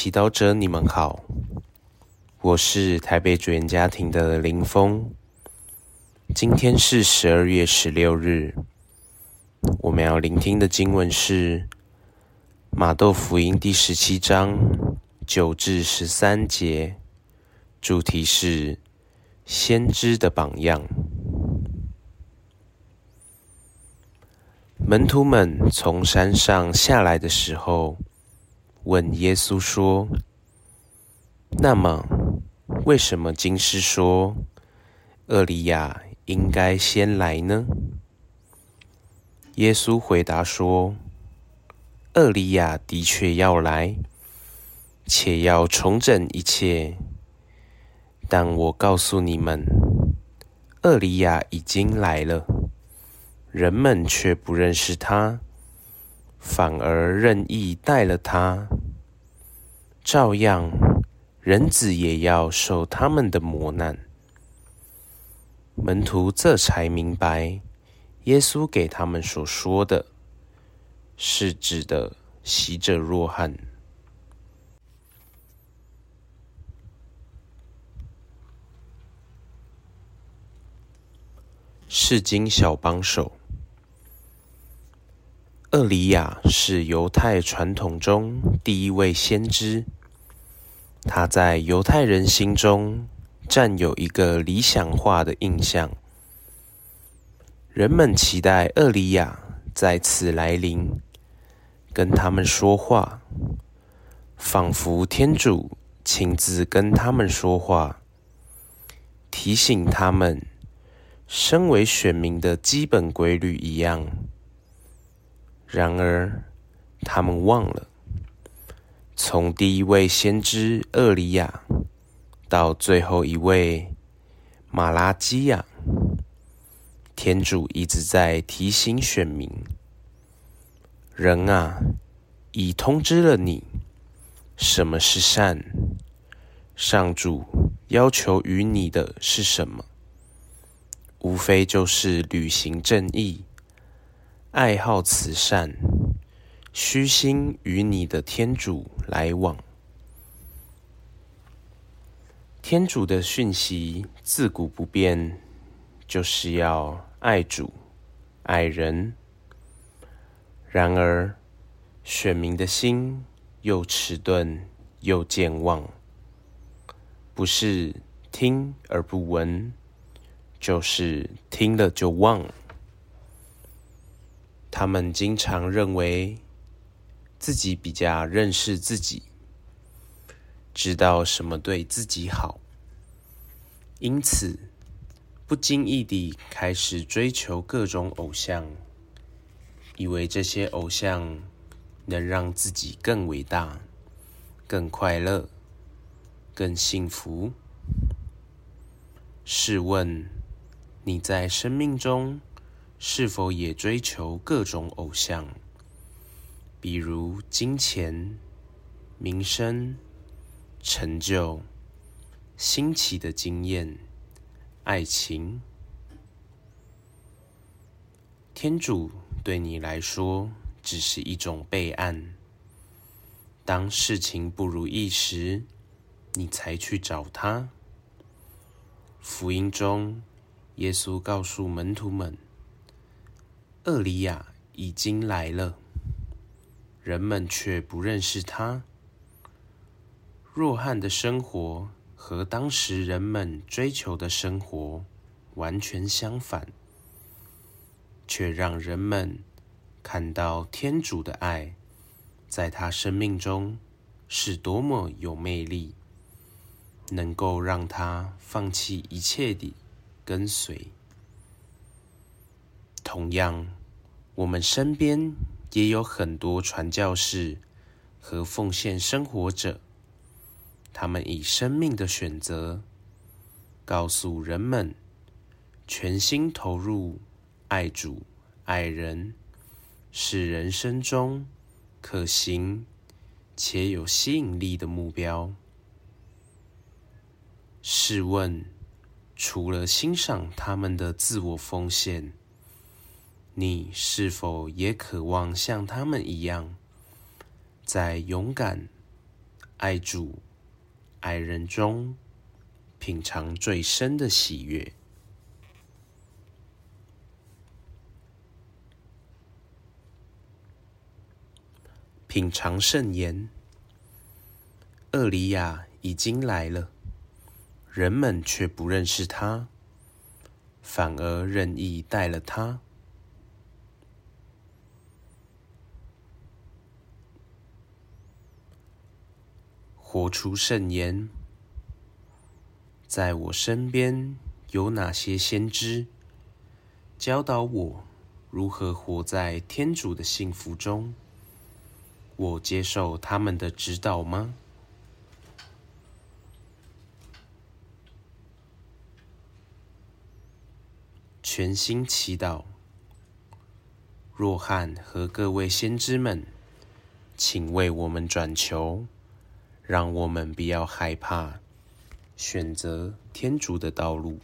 祈禱者，你們好，我是台北主言家庭的林峰。今天是十二月十六日，我們要聆聽的經文是《馬竇福音》第十七章九至十三節，主題是先知的榜樣。門徒們從山上下來的時候。問耶穌說：“那麼，為什麼經師說厄里亞應該先來呢？”耶穌回答說：“厄里亞的確要來，且要重整一切。但我告訴你們，厄里亞已經來了，人們卻不認識他，反而任意待了他。”照樣，人子也要受他們的磨難。門徒這才明白，耶穌給他們所說的，是指的洗者若翰。釋經小幫手。厄里亞是猶太傳統中第一位先知。他在猶太人心中占有一個理想化的印象，人們期待厄里亞再次來臨，跟他們說話，仿佛天主親自跟他們說話，提醒他們身為選民的基本規律一樣。然而，他們忘了。從第一位先知厄里亞到最後一位馬拉基亞，天主一直在提醒選民：人啊，已通知了你，什麼是善？上主要求於你的是什麼？無非就是履行正義，愛好慈善。虛心與你的天主來往，天主的訊息自古不變，就是要愛主、愛人。然而，選民的心又遲鈍又健忘，不是聽而不聞，就是聽了就忘。他們經常認為，自己比較認識自己，知道什麼對自己好，因此不經意地開始追求各種偶像，以為這些偶像能讓自己更偉大、更快樂、更幸福。試問，你在生命中是否也追求各種偶像？比如金錢、名聲、成就、新奇的經驗、愛情，天主對你來說只是一種備案。當事情不如意時，你才去找他。福音中，耶穌告訴門徒們：“厄里亞已經來了。”人們卻不認識他。若翰的生活和當時人們追求的生活完全相反，卻讓人們看到天主的愛在他生命中是多麼有魅力，能夠讓他放棄一切地跟隨。同樣，我們身邊，也有很多傳教士和奉獻生活者，他們以生命的選擇，告訴人們，全心投入愛主、愛人，是人生中可行且有吸引力的目標。試問，除了欣賞他們的自我奉獻，你是否也渴望像他們一樣，在勇敢、愛主、愛人中，品嘗最深的喜悅？品嘗聖言。厄里亞已經來了，人們卻不認識他，反而任意待了他。活出聖言，在我身邊有哪些先知教導我如何活在天主的幸福中？我接受他們的指導嗎？全心祈禱，若翰和各位先知們，請為我們轉求。讓我們不要害怕選擇天主的道路。